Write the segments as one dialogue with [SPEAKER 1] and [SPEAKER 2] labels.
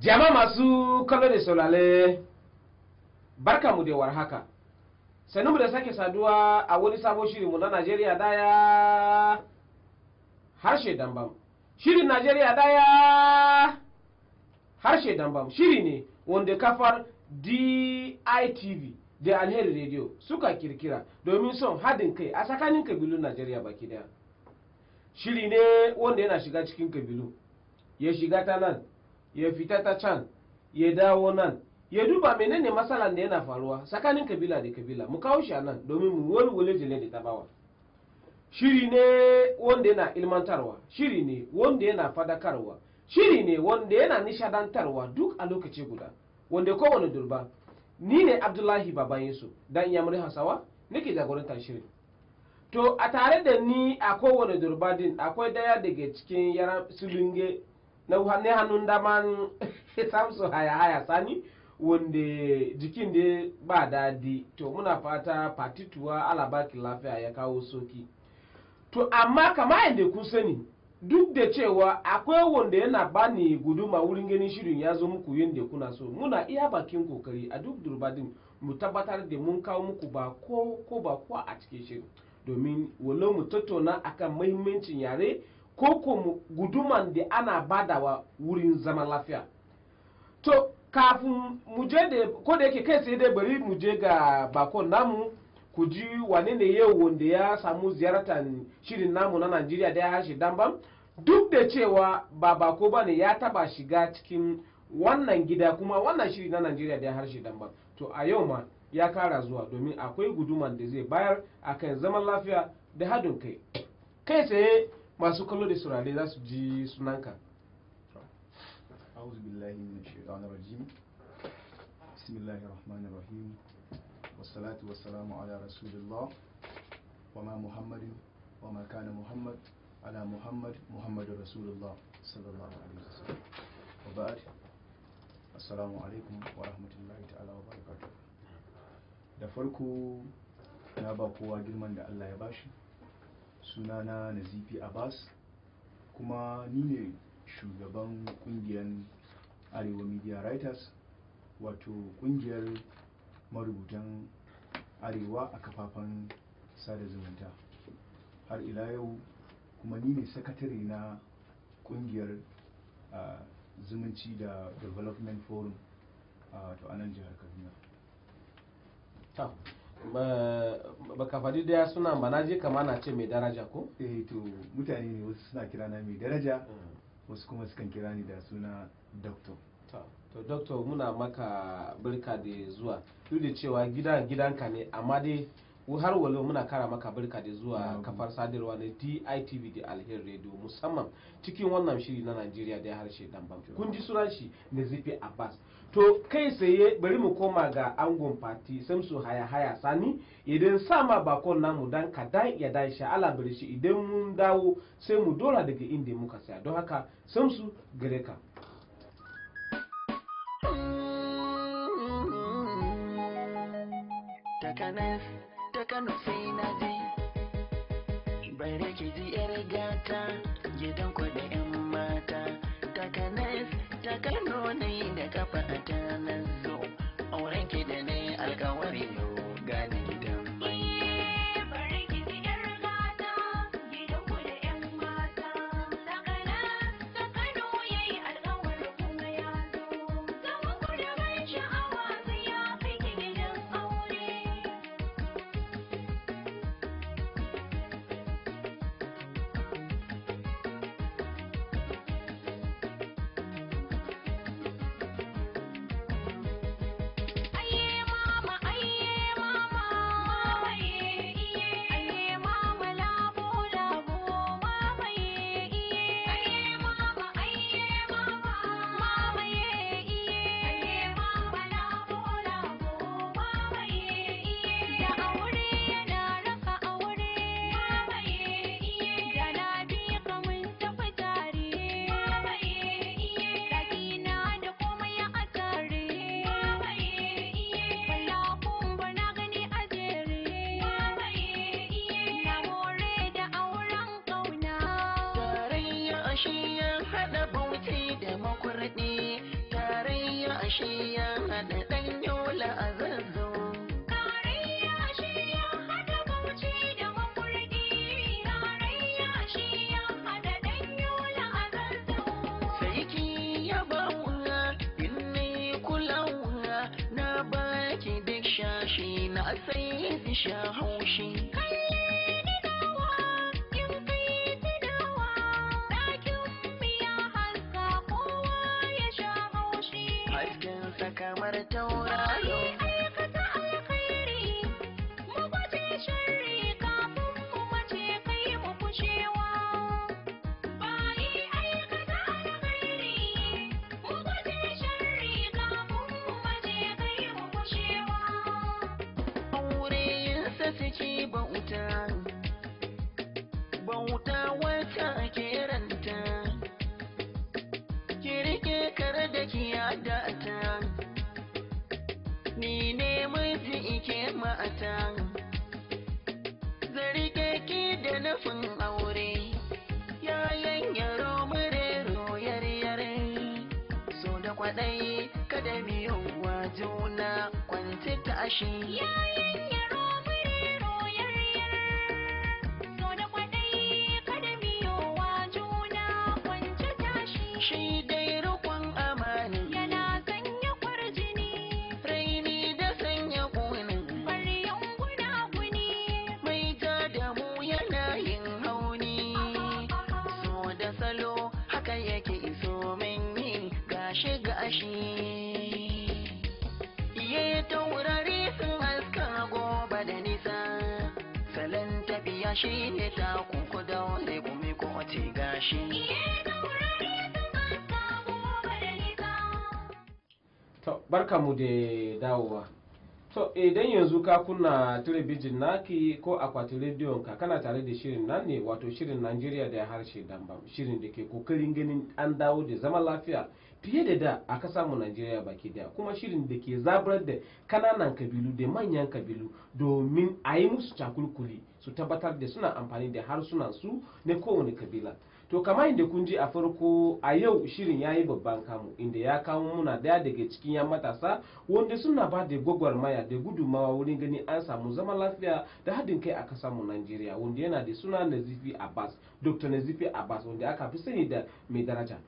[SPEAKER 1] jama masu kallo da saulale barka mu da haka sannu mu da sake saduwa a wani sabon shirinmu na najeriya daya harshe dambam shirin najeriya daya harshe dambam shiri ne wanda kafar ditv da alheri radio suka kirkira domin son hadin kai a tsakanin kabilun najeriya baki daya shiri ne wanda yana shiga cikin kabilu ya shiga ta nan ya fita ta can ya dawo nan ya duba menene matsalan da yana faruwa tsakanin kabila da kabila mu kawo shi a nan domin mu walwale jile da tabawa shiri ne wanda yana ilmantarwa shiri ne wanda yana fadakarwa shiri ne wanda yana nishadantarwa duk a lokaci guda wanda kowane durba ni ne abdullahi baban yesu dan yamurin hasawa nake jagorantar shirin to a tare da ni a kowane durba din akwai daya daga cikin yaran sulunge na hanne hannun daman samsu haya haya sani wanda jikin da ba dadi to muna fata fatituwa alabaki lafiya ya kawo soki to amma kama yadda kun sani duk da cewa akwai wanda yana ba ni guduma wurin ganin shirin ya zo muku yadda kuna so muna iya bakin kokari a duk durbadin mu tabbatar da mun kawo muku ba ko ko ba ko a cikin shirin domin walau mu tattauna akan muhimmancin yare ko ko guduman da ana badawa wurin zaman lafiya to kafin mu je da ko da yake kai sai dai bari mu je ga bakon namu ku ji wane ne yau wanda ya samu ziyartar shirin namu na Najeriya da ya harshe dambam duk da cewa ba bako ba ne ya taba shiga cikin wannan gida kuma wannan shiri na Najeriya da ya harshe damba to a yau ma ya kara zuwa domin akwai guduman da zai bayar akan zaman lafiya da haɗin kai kai tsaye masu kallo da surare za su ji sunanka
[SPEAKER 2] أعوذ بالله من الشيطان الرجيم بسم الله الرحمن الرحيم والصلاة والسلام على رسول الله وما محمد وما كان محمد على محمد محمد رسول الله صلى الله عليه وسلم وبعد السلام عليكم ورحمة الله تعالى وبركاته da farko na ba kowa girman da Allah ya bashi sunana nazifi abbas kuma ni ne shugaban kungiyar arewa media writers wato kungiyar marubutan arewa a kafafen sada zumunta har ila yau kuma ni ne sakatare na kungiyar zumunci da development forum a to anan jihar kaduna
[SPEAKER 1] baka faɗi daya suna ba na je kama
[SPEAKER 2] na ce mai daraja ko? eh to mutane ne wasu suna kira na mai daraja mm. wasu kuma sukan kira ni da suna doktor
[SPEAKER 1] to doktor muna maka birka da zuwa duk da cewa gidan gidanka ne amma dai har walau muna kara maka birka da zuwa kafar sadarwa na DITV da Alheri Radio musamman cikin wannan shiri na Najeriya da harshe dan bam kun ji sunan shi na Zifi Abbas to kai sai bari mu koma ga angon party Samsu Haya Haya Sani idan sama bakon namu dan ka dan ya dan sha Allah bari shi idan mun dawo sai mu dora daga inda muka saya don haka Samsu gare ka
[SPEAKER 3] Kano sai na ji Bare ki ji 'yar gata gidan ku da 'yan 飞的小红心。nufin aure yayan yaro murero yaryare so da kwaɗayi kada miyowa juna kwanci ta da kwaɗayi kada juna kwanci tashi. ya shi ne ta kuku da wale gumi ko gashi.
[SPEAKER 1] To, barka mu da dawowa. To, idan yanzu ka kunna talabijin naki ko akwatin rediyon ka kana tare da shirin nan ne wato shirin Najeriya da ya harshe dambam shirin da ke kokarin ganin an dawo da zama lafiya fiye da da a kasa mu Najeriya baki daya kuma shirin da ke zabar da kananan kabilu da manyan kabilu domin a yi musu cakulkuli su tabbatar da suna amfani da harsunan su na kowane kabila to kamar inda kun ji a farko a yau shirin ya yi babban kamu inda ya kawo muna daya daga cikin yan matasa wanda suna ba da gwagwar maya da gudumawa wurin gani an samu zaman lafiya da haɗin kai a ƙasar mu najeriya wanda yana da suna nazifi abbas dr nazifi abbas wanda aka fi sani da mai daraja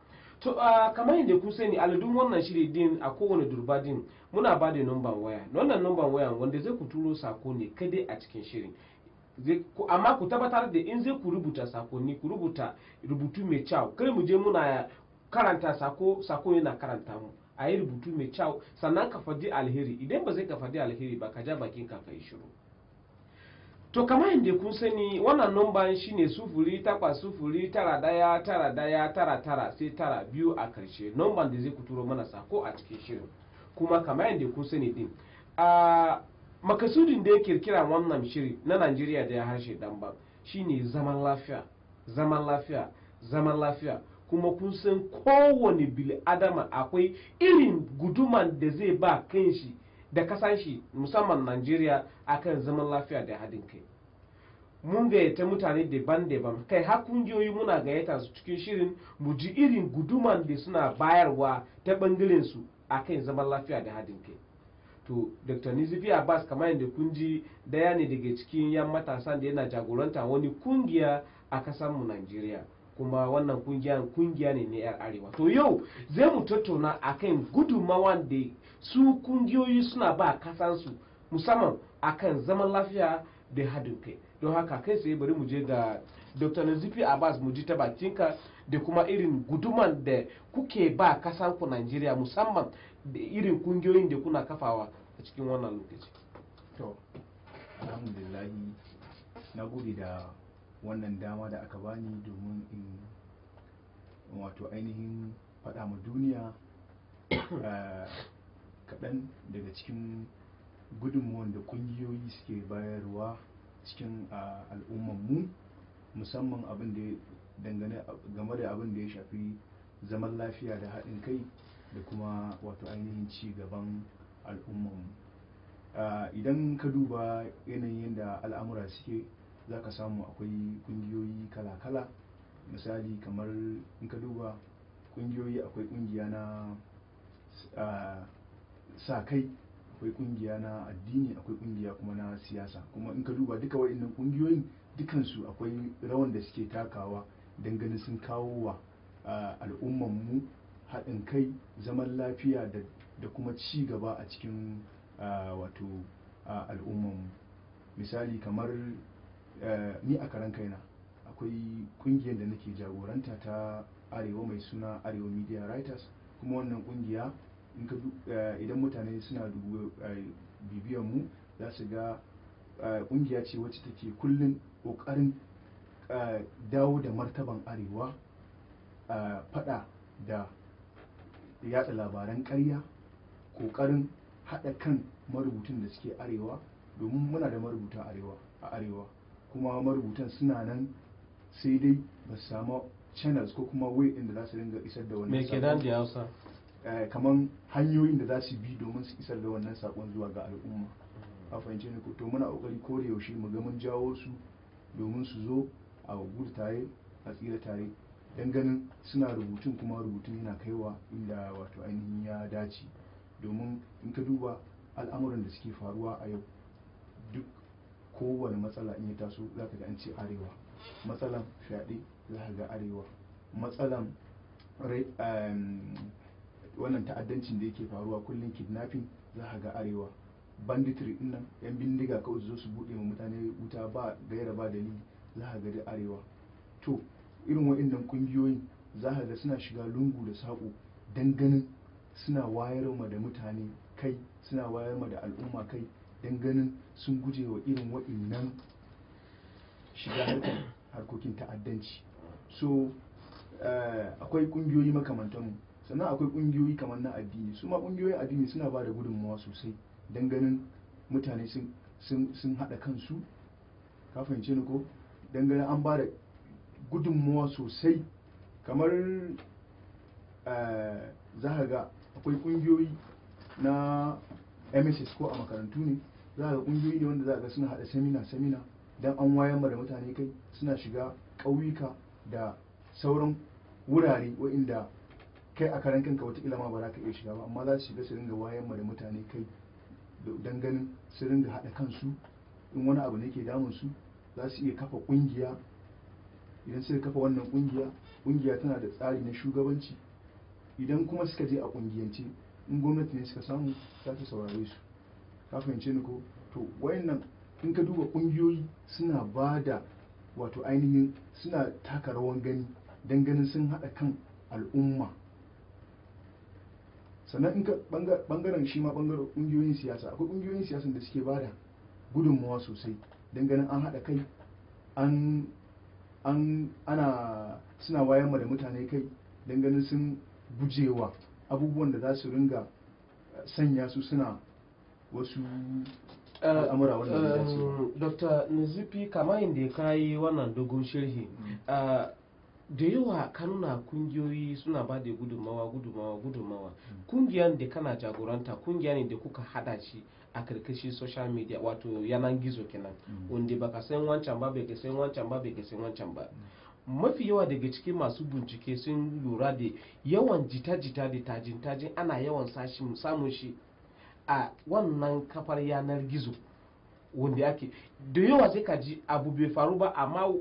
[SPEAKER 1] to uh, kamar inda kun sani aladun wannan shiri din a kowane durba din muna ba da numban waya wannan numban wayan wanda zai ku turo sako ne kadai a cikin shirin amma ku tabbatar da in zai ku rubuta sakonni ku rubuta rubutu mai kyau kai mu je muna karanta sako sako yana karanta mu a yi rubutu mai kyau sannan ka faɗi alheri idan ba zai ka faɗi alheri ba ka ja bakin ka ka shiru to kamar yadda kun sani wannan numban shine sufuri takwas sufuri tara daya tara daya tara sai tara biyu a karshe numban da zai ku turo mana sako a cikin shirin kuma kamar yadda kun sani din makasudin da ya kirkira wannan shiri na najeriya da ya harshe dan ba shine zaman lafiya zaman lafiya zaman lafiya kuma kun san kowane adama akwai irin guduman da zai ba shi da kasan shi musamman najeriya akan zaman lafiya da haɗin kai mun gayyata mutane daban-daban kai har kungiyoyi muna gayyata su cikin shirin mu ji irin guduman da suna bayarwa ta ɓangaren su akan zaman lafiya da haɗin kai to dr nizifi abbas kamar yadda kun ji daya ne daga cikin yan matasan da yana jagoranta wani kungiya a kasar mu najeriya kuma wannan kungiya kungiya ne na yar arewa to yau zai mu tattauna kan gudunmawa da su kungiyoyi suna ba kasansu musamman akan zaman lafiya da haɗin kai don haka kai sai bari mu je da dr nazifi abbas mu ji ta bakinka da kuma irin guduman da kuke ba ku nigeria musamman da irin kungiyoyin da kuna kafawa a cikin
[SPEAKER 2] wannan lokaci to alhamdulillahi na gode da wannan dama da aka bani domin in wato ainihin faɗa ma duniya eh, kaɗan daga cikin gudunmuwan da ƙungiyoyi suke bayarwa cikin eh, al'ummanmu musamman abin da dangane game da abin da ya shafi zaman lafiya da haɗin kai da kuma wato ainihin ci gaban al'ummanmu idan ka duba yanayin da al'amura suke za ka samu akwai kungiyoyi kala-kala misali kamar in ka duba kungiyoyi akwai kungiya na sa kai akwai kungiya na addini akwai kungiya kuma na siyasa kuma in ka duba duka waɗannan kungiyoyin dukansu akwai rawan da suke takawa don ganin sun kawo wa al'ummanmu haɗin kai zaman lafiya da da kuma ci gaba a cikin wato al'ummanmu misali kamar ni a karan kaina akwai kungiyar da nake jagoranta ta arewa mai suna arewa media writers kuma wannan kungiya idan mutane suna bibiyar mu za su ga kungiya ce wacce take kullum kokarin dawo da martaban arewa fada da yatsa labaran karya kokarin haɗa kan marubutan da suke arewa domin muna da marubuta arewa a arewa kuma marubutan suna nan sai dai ba su samu channels ko kuma way inda za su dinga isar da wannan hausa eh, kamar hanyoyin da za su bi domin su isar da wannan sakon zuwa ga al'umma a fahimce ne ko to muna kokari ko da yaushe mu ga mun jawo su domin su zo a gudu tare a tsira tare dan ganin suna rubutun kuma rubutun yana kaiwa inda wato ainihin ya dace domin in ka duba al'amuran da suke faruwa a yau duk kowane matsala in ya taso za ka ga an ce arewa matsalan fyaɗe za ka ga arewa matsalan ehm, wannan ta'addancin da yake faruwa kullum kidnapping za ka ga arewa banditry din yan bindiga kawai zo su buɗe ma mutane wuta ba gaira ba dalili za ka ga da arewa to irin waɗannan kungiyoyin za ka ga suna shiga lungu da saƙo don ganin suna wayar da mutane kai suna wayar da al'umma kai don ganin sun guje wa irin waɗannan shiga harkokin ta'addanci so eh, akwai ƙungiyoyi makamantanmu sannan akwai ƙungiyoyi kamar na addini su ma ƙungiyoyin addini suna ba da gudunmawa sosai don ganin mutane sun haɗa kansu ka fahimce ni ko don ganin an ba da gudunmawa sosai kamar eh, za ga akwai kungiyoyi na mss ko a makarantu ne za ga kungiyoyi ne wanda za ga suna hada semina semina don an wayar da mutane kai suna shiga ƙauyuka da sauran wurare wa'inda kai a karan kanka wata ilama ba za ka iya shiga ba amma za su shiga su ringa wayar da mutane kai don ganin su ringa haɗa kansu in wani abu ne ke damun su za su iya kafa kungiya idan suka kafa wannan kungiya kungiya tana da tsari na shugabanci idan kuma suka je a kungiyance in gwamnati ne suka samu za ta saurare su ka fahimce ni ko to wayannan in ka duba kungiyoyi suna ba da wato ainihin suna taka rawan gani don ganin sun haɗa kan al'umma sannan in ka bangaren shi ma bangaren kungiyoyin siyasa akwai ƙungiyoyin siyasa da suke ba da gudunmawa sosai don ganin an haɗa kai an ana suna wayar da mutane kai don ganin sun gujewa abubuwan da za su ringa sanya su suna wasu
[SPEAKER 1] eh, al'amura wannan da su dr nizifi kamar yadda ya kayi wannan dogon shirhi. Mm. Eh, da yawa kanuna kungiyoyi suna ba da gudunmawa gudunmawa gudunmawa mm. kungiyar da kana jagoranta kungiya ne da kuka hada shi a karkashin social media wato yanan gizo kenan mm. wanda baka san wancan ba bai san wancan ba bai san wancan ba mafi yawa daga cikin masu bincike sun lura da yawan jita-jita da tajin-tajin ana yawan samun shi a wannan kafar yanar gizo wanda ake da yawa sai ka ji abu bai faru ba amma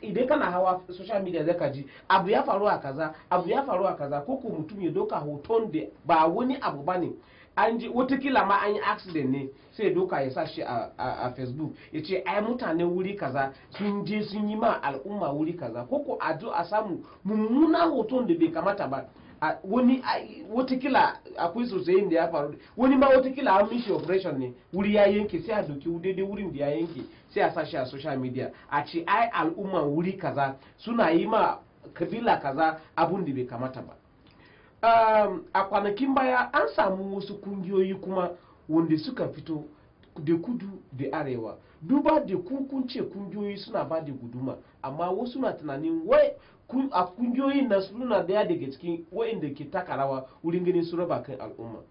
[SPEAKER 1] idan kana hawa social media zai ka ji abu ya faru a kaza abu ya faru a kaza ko ko mutum ya doka hoton da ba wani abu ba ne an ji watakila ma an yi accident ne sai doka ya sa shi a facebook ya ce ai mutane wuri kaza sun je sun yi ma al'umma wuri kaza ko ko a zo a samu mummuna hoton da bai kamata ba wani
[SPEAKER 3] watakila
[SPEAKER 1] akwai sosai da ya faru wani ma watakila an mishi operation ne wuri ya yanke sai a doki daidai wurin da ya yanke sai a sa a social media a ce ai al'umma wuri kaza suna yi ma kabila kaza abun da bai kamata ba Um, a kwanakin baya an samu wasu kungiyoyi kuma wanda suka fito da kudu da arewa duba da kukunce kungiyoyi suna ba da guduma amma wasu na tunanin wai a kungiyoyin na suna daya daga cikin wa'inda ke takarawa wurin ganin su raba kan al'umma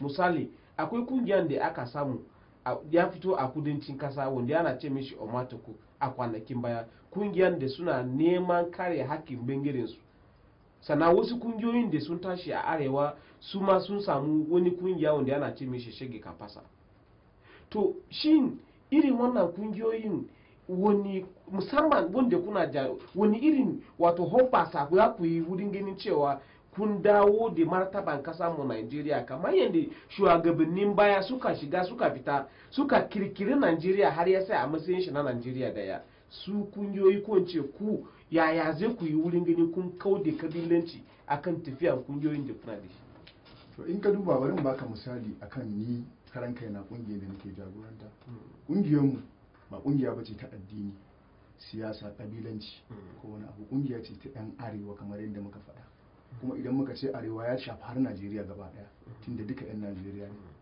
[SPEAKER 1] misali akwai kungiyar da aka samu ya fito a kudancin kasa wanda yana ce mishi omatoko a kwanakin baya kungiyar da suna neman kare hakkin bangaren sana wasu kungiyoyin da sun tashi a arewa su ma sun samu wani kungiya wanda yana ce mishi shege kafasa to shin irin wannan kungiyoyin wani musamman wanda kuna ja wani irin wato hoppasa ya ku yi wurin ganin cewa kun dawo da martaban kasa mu Najeriya kamar yadda shugabannin baya suka shiga suka fita suka kirkiri Najeriya har ya sai a matsayin shi na Najeriya daya su kungiyoyi ko ku yaya zai ku yi wurin gani kun kaude kabilanci akan tafiya kungiyoyin da kuna da
[SPEAKER 2] to in ka duba bari in baka misali akan ni karan kai na kungiyar da nake jagoranta hmm. kungiyar mu ba kungiya bace ta addini siyasa kabilanci hmm. ko wani abu kungiya ce ta yan arewa kamar yadda muka faɗa hmm. kuma idan muka ce arewa ya shafi har najeriya gaba daya tunda duka yan najeriya ne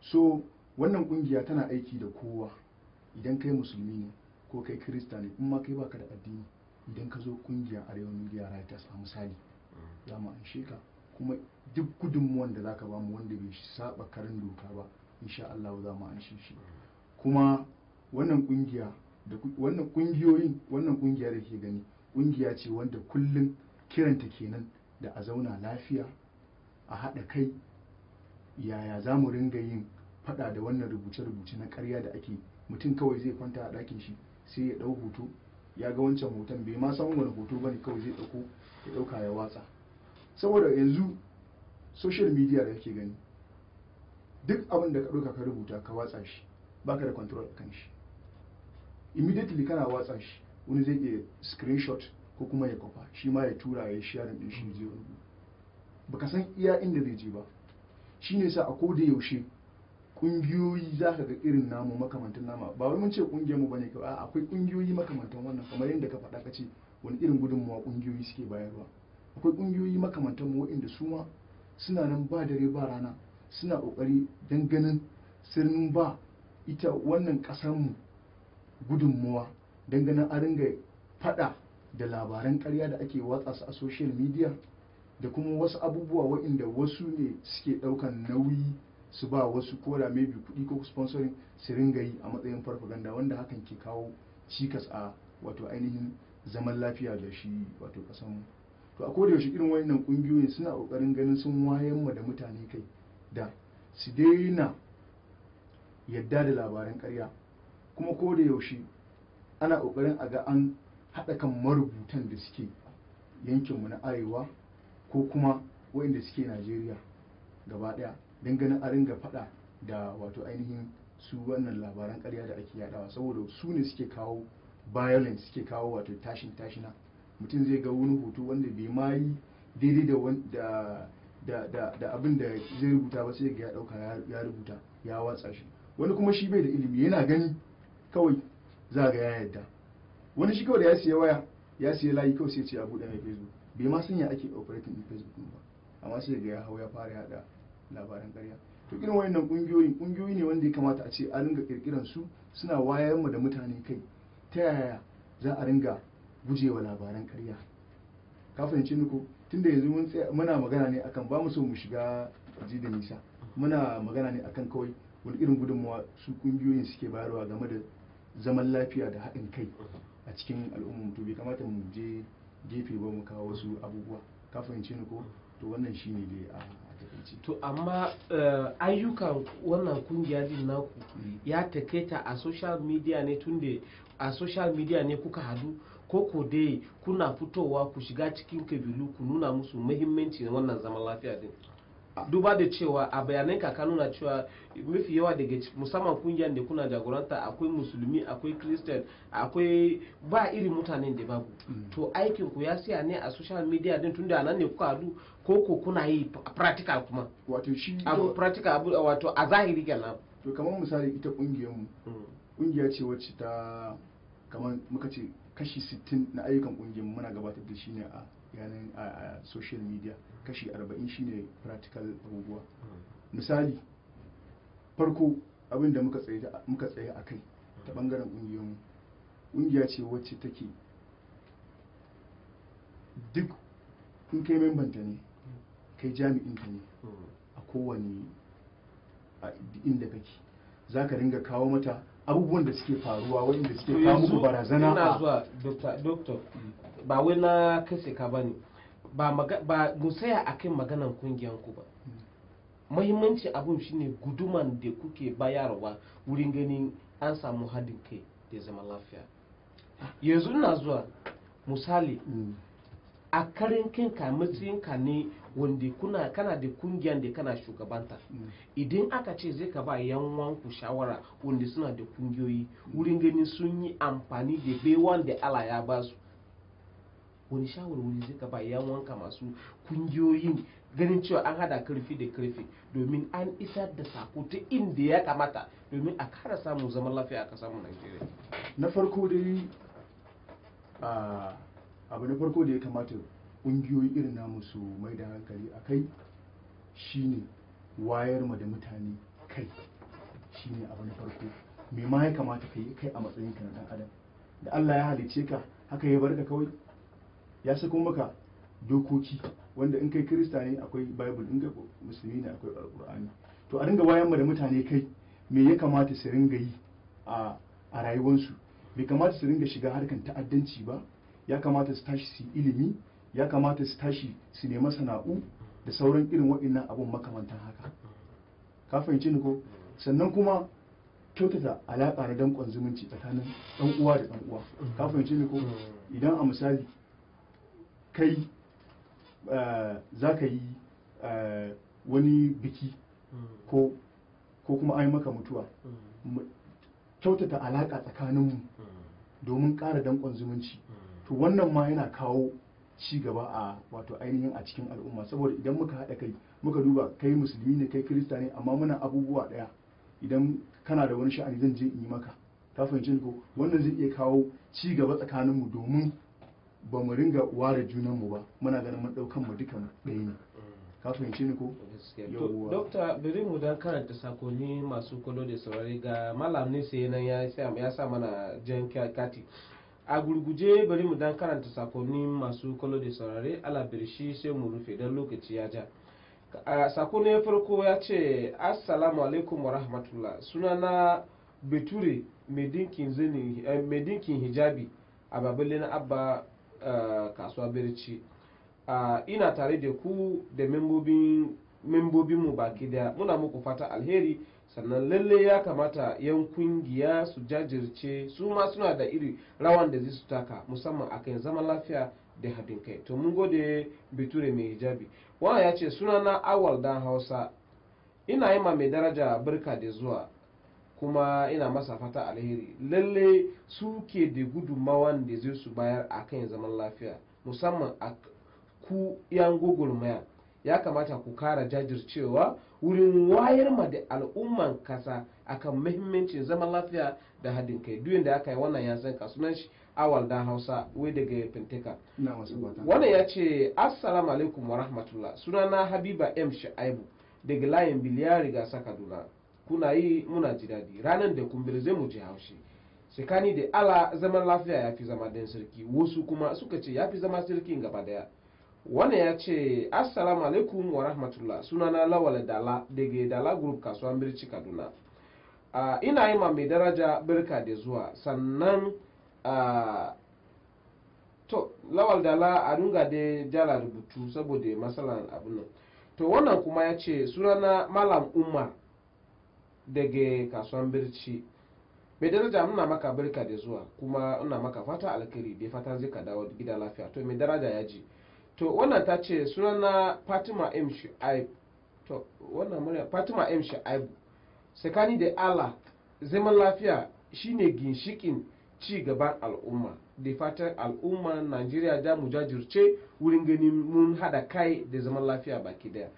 [SPEAKER 2] so wannan kungiya tana aiki da kowa idan kai musulmi ne ko kai kirista ne kuma kai baka da addini idan ka zo kungiyar arewa media writers a misali mm. za mu anshe ka kuma duk gudunmuwan da zaka bamu wanda bai saba karin doka ba insha Allah za mu anshe shi mm. kuma wannan kungiya da wannan kungiyoyin wannan kungiya da ke gani kungiya ce wanda kullum kiranta kenan da a zauna lafiya a haɗa kai yaya za mu ringa yin faɗa da wannan rubuce-rubuce na karya da ake mutum kawai zai kwanta a ɗakin shi sai ya ɗau hoto ya ga wancan hoton bai ma san wani hoto bane kawai zai dauko ya dauka ya watsa saboda yanzu social media da kake gani duk abin da ka dauka ka rubuta ka watsa shi baka da control kan shi immediately kana watsa shi wani zai iya screenshot ko kuma ya kofa shi ma ya tura ya share din shi zai rubu baka san iya inda zai je ba shine sa a koda yaushe kungiyoyi za ka ga irin namu makamantan nama ba wai mun ce kungiyar mu bane kawai akwai kungiyoyi makamantan wannan kamar yadda ka faɗa kace wani irin gudunmawa kungiyoyi suke bayarwa akwai kungiyoyi makamantan mu waɗanda su ma suna nan ba dare ba rana suna kokari dan ganin sirrin ba ita wannan ƙasar mu gudunmawa dan ganin a ringa faɗa da labaran ƙarya da ake watsa su a social media da kuma wasu abubuwa waɗanda wasu ne suke ɗaukan nauyi su ba wasu koda da maybe kuɗi ko sponsoring su ringa yi a matsayin farfaganda wanda hakan ke kawo cikas a wato ainihin zaman lafiya da shi wato kasan to a koda yaushe irin wannan kungiyoyin suna kokarin ganin sun wayan mu da mutane kai da su daina yadda da labaran ƙarya kuma koda yaushe ana kokarin a ga an haɗa kan marubutan da suke yankinmu na arewa ko kuma waɗanda suke najeriya gaba ɗaya don ganin a ringa faɗa da wato ainihin su wannan labaran karya da ake yadawa saboda su ne suke kawo violence suke kawo wato tashin tashina mutum zai ga wani hoto wanda bai ma yi daidai da da abin da zai rubuta ba sai ya dauka ya rubuta ya watsa shi wani kuma shi bai da ilimi yana gani kawai za ga ya yadda wani shi kawai da ya siya waya ya siya layi kawai sai ce abu buɗe mai facebook bai ma san ya ake operating facebook ba amma sai ga ya hau ya fara yada labaran ƙarya to irin wayannan ƙungiyoyi ƙungiyoyi ne wanda ya kamata a ce a ringa ƙirƙiran su suna wayar mu da mutane kai ta yaya za a ringa gujewa labaran ƙarya ka fahimci ni ko tunda yanzu mun muna magana ne akan ba mu so mu shiga ji da nisa muna magana ne akan kawai wani irin gudunmawa su ƙungiyoyin suke bayarwa game da zaman lafiya da haɗin kai a cikin al'ummar to bai kamata mu je gefe ba mu kawo wasu abubuwa ka fahimci ni ko to wannan shine dai a to amma
[SPEAKER 1] eh, ayyukan wannan kungiya din naku ya takaita a social media ne tunde a social media ne kuka hadu ko ko dai kuna fitowa ku shiga cikin kabilu ku nuna musu na wannan zaman lafiya din duba da cewa a bayanan ka nuna cewa mafi yawa daga musamman kungiyar da kuna jagoranta akwai musulmi akwai christian akwai ba irin mutanen da babu mm. to aikin ku ya siya ne a social media din da nan ne kuka hadu ko ko kuna yi practical kuma wato shi abu practical abu wato a zahiri kenan
[SPEAKER 2] to kamar misali ita kungiyar mu mm. kungiya ce wacce ta kamar muka ce kashi 60 na ayyukan kungiyar muna gabatar da shi ne a yanin a social media kashi 40 shine practical abubuwa hmm. misali farko abin da muka tsaye a kai ta bangaren ƙungiyarmu ƙungiya ce wacce take duk in kai membanta ne kai jami'inta ne hmm. a kowane inda kake za ka ringa kawo mata abubuwan da suke faruwa waɗanda suke kawo muku barazana a ba wai
[SPEAKER 1] na kai ka bane ba ba musaya kan maganan kungiyan ku ba muhimmanci abun shine guduman da kuke bayarwa wurin ganin an samu haɗin kai da zama lafiya yanzu na zuwa misali mm. a karin kinka ka ne wanda kuna kana da kungiyar da kana shugabanta mm. idan aka ce zai ka ba yan ku shawara wanda suna da kungiyoyi wurin ganin sun yi amfani da bewan da ala ya ba su wani shawarwari zai ka ba yan wanka masu kungiyoyin ganin cewa an hada karfi da karfi domin an isa da sako ta inda ya kamata domin a kara samun zaman lafiya a kasar nigeria
[SPEAKER 2] na farko dai abu na farko da ya kamata kungiyoyi irin namu su mai da hankali a kai shine wayar ma da mutane kai shine abu na farko me ma ya kamata kai a matsayin na dan adam da Allah ya halicce ka haka ya barka kawai ya sako maka dokoki wanda in kai kirista ne akwai bible in kai musulmi ne akwai alkur'ani to a ringa wayan da mutane kai me ya kamata su ringa yi a rayuwarsu bai kamata su ringa shiga harkan ta'addanci ba ya kamata su tashi su ilimi ya kamata su tashi su nema sana'u da sauran irin waɗannan abun makamantan haka ka fahimci ni ko sannan kuma kyautata alaƙa na danƙon zumunci tsakanin ɗan uwa da ɗan uwa ka fahimci ni ko mm. idan a misali kai eh, za ka yi eh, wani biki mm. ko kuma ai maka mutuwa mm. kyautata alaƙa tsakaninmu mm. domin ƙara danƙon zumunci to wannan ma yana kawo ci gaba a wato ainihin a cikin al'umma saboda idan muka haɗa kai muka duba kai musulmi ne kai kirista ne amma muna abubuwa ɗaya idan kana da wani sha'ani zan je in yi maka ta fahimci ko wannan zai iya kawo ci gaba tsakaninmu domin ba mu ringa ware mu ba muna ganin mun daukan mu dukan ɗaya ne ka fahimci ni ko yawwa
[SPEAKER 1] dokta bari mu dan karanta sakonni masu kwallo da saurari ga malam ne sai nan ya sa mana jan kati a gurguje bari mu dan karanta sakonni masu kwallo da saurari ala birshi sai mu rufe dan lokaci ya ja sako ya farko ya ce assalamu alaikum wa rahmatullah na bature mai eh, hijabi a babali na abba Eh, kasuwa birci eh, ina tare da ku da membobinmu baki daya muna muku fata alheri sannan lalle ya kamata yan kungiya su jajirce su ma suna da iri rawan da zai taka musamman akan zaman lafiya da haɗin kai to mun gode biture mai hijabi wannan ya ce na awal dan hausa ina yi ma mai daraja birka da zuwa kuma ina masa fata alheri lalle ke da gudunmawan da zai su bayar a kan zaman lafiya musamman a ku yan maya ya kamata ku kara jajircewa wurin wayar ma da al'umman kasa akan muhimmancin zaman lafiya da haɗin kai duk da aka yi wannan ya san kasunan shi awal dan hausa wai daga fintika wannan ya ce assalamu alaikum wa rahmatullah sunana habiba m shaibu daga layin ga riga kaduna. kuna yi muna ji daɗi ranar da kumbir zai mu je haushi tsakani da ala zaman lafiya ya fi zama dan sarki wasu kuma suka ce ya fi zama sarkin gaba daya wannan ya ce assalamu alaikum wa rahmatullah sunana lawale dala daga dala group kasuwa birci kaduna ina yi ma mai daraja birka da zuwa sannan to lawal dala a dunga da jala rubutu saboda matsalar abin nan to wannan kuma ya ce sunana malam umar daga kasuwan birci mai daraja nuna maka birka da zuwa kuma nuna maka fata alkiri da fata zai ka dawo gida lafiya to mai daraja ya ji to wannan ta ce sunan na fatima m to wannan murya tsakani da allah zaman lafiya shine ginshikin ci gaban al'umma da fatan al'umma najeriya da mu jajirce wurin ganin mun hada kai da zaman lafiya baki daya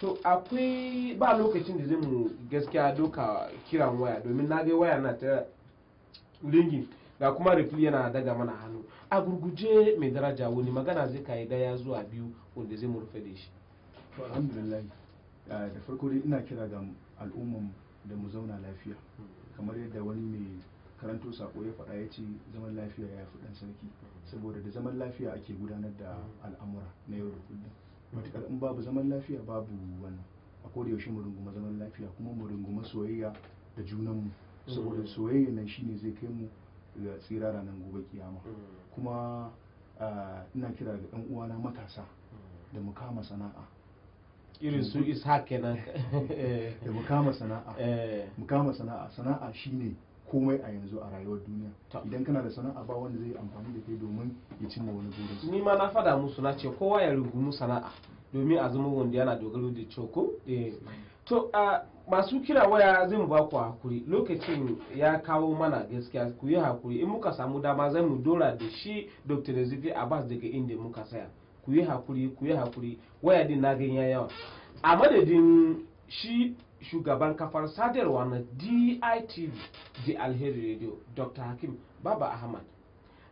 [SPEAKER 1] to akwai ba lokacin da zai mu gaskiya doka kiran waya domin na ga waya na ta ringin ga kuma rifli yana daga mana hannu a gurguje mai daraja wani magana zai kayi daya zuwa biyu wanda zai mu rufe da shi
[SPEAKER 2] to alhamdulillah da farko dai ina kira ga al'umman da mu zauna lafiya kamar yadda wani mai karanto sako ya faɗa ya ce zaman lafiya ya fi ɗan sarki saboda da zaman lafiya ake gudanar da al'amura na yau da kullum matukar in babu zaman lafiya babu wannan a koda yaushe mu runguma zaman lafiya kuma mu runguma soyayya da junanmu saboda soyayya nan shine zai kai mu ga tsira ranar gobe kiyama kuma ina kira ga ɗan uwana matasa da mu kama sana'a irin su isa kenan da mu kama sana'a eh. mu kama sana'a sana'a shine komai a yanzu a rayuwar duniya idan kana da sana'a ba wanda zai amfani da kai domin ya cimma wani burin
[SPEAKER 1] ni ma na fada musu na ce kowa ya rungumi sana'a domin a zama wanda yana dogaro da coko eh. to a masu kira waya zan ba ku hakuri lokacin ya kawo mana gaskiya ku yi hakuri in muka samu dama zai mu dora da shi dr nazifi abbas daga inda muka saya ku yi hakuri ku yi hakuri waya din na gan yawa a madadin shi shugaban kafar sadarwa na DITV da Alheri Radio Dr. Hakim Baba Ahmad.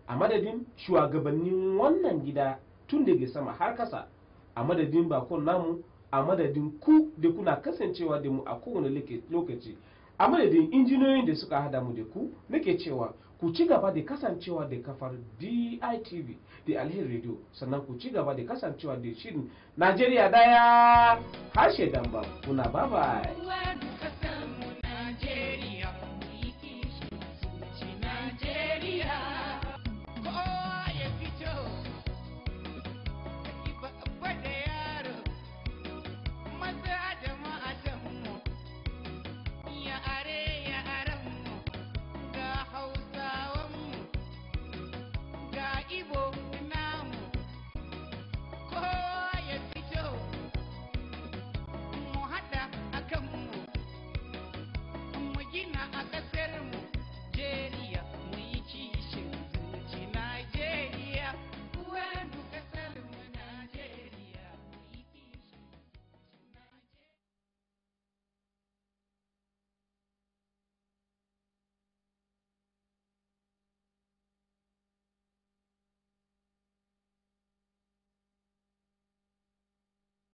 [SPEAKER 1] A madadin shugabannin wannan gida tun daga sama har kasa a madadin bakon namu a madadin ku da kuna kasancewa da mu a kowane lokaci a madadin injiniyoyin da suka hada mu da ku nake cewa ku ci gaba da kasancewa da kafar DITV da Alheri Radio sannan ku ci gaba da kasancewa da shirin Najeriya daya harshe damba kuna bye
[SPEAKER 4] bye